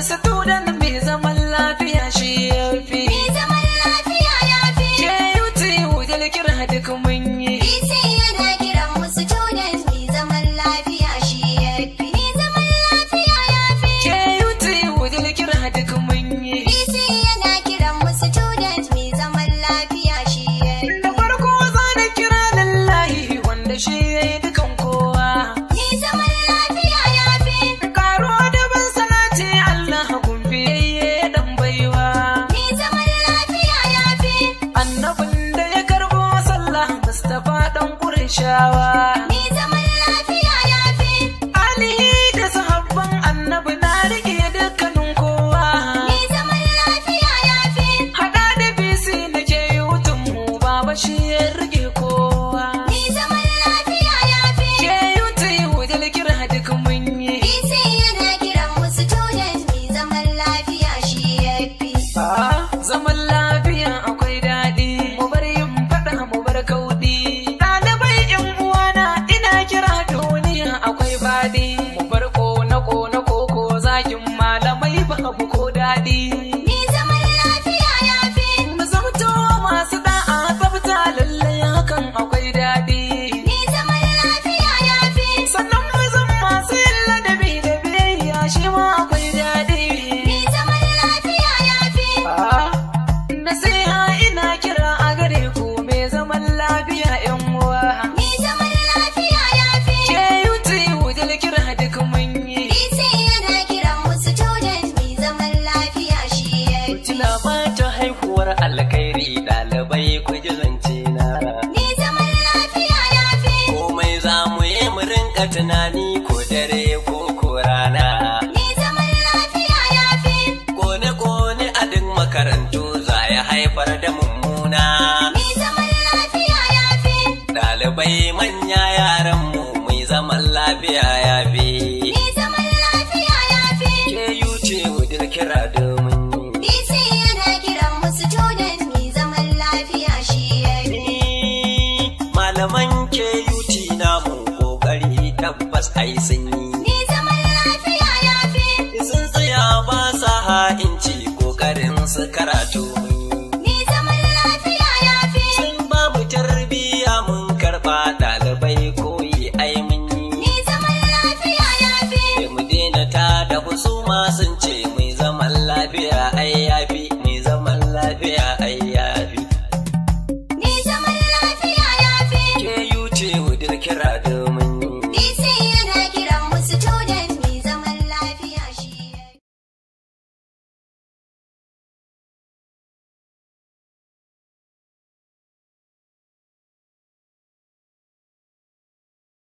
listen to kurshawa. Ni zaman lafiya ya fi. Alihi da sahabban annabi na rike dukkanin kowa. Ni zaman lafiya ya fi. Haɗa da bisi na ke yutun mu baba body. da tunani ko dare ko ko rana. Ni zaman lafiya ya fi. Kone-kone a duk makarantu za ya haifar da mummuna. Ni zaman lafiya ya fi. Ɗalibai manya tabbas ai sun yi. Ni zaman lafiya ya fi. Sun tsaya ba sa ha'inci kokarin su karatu.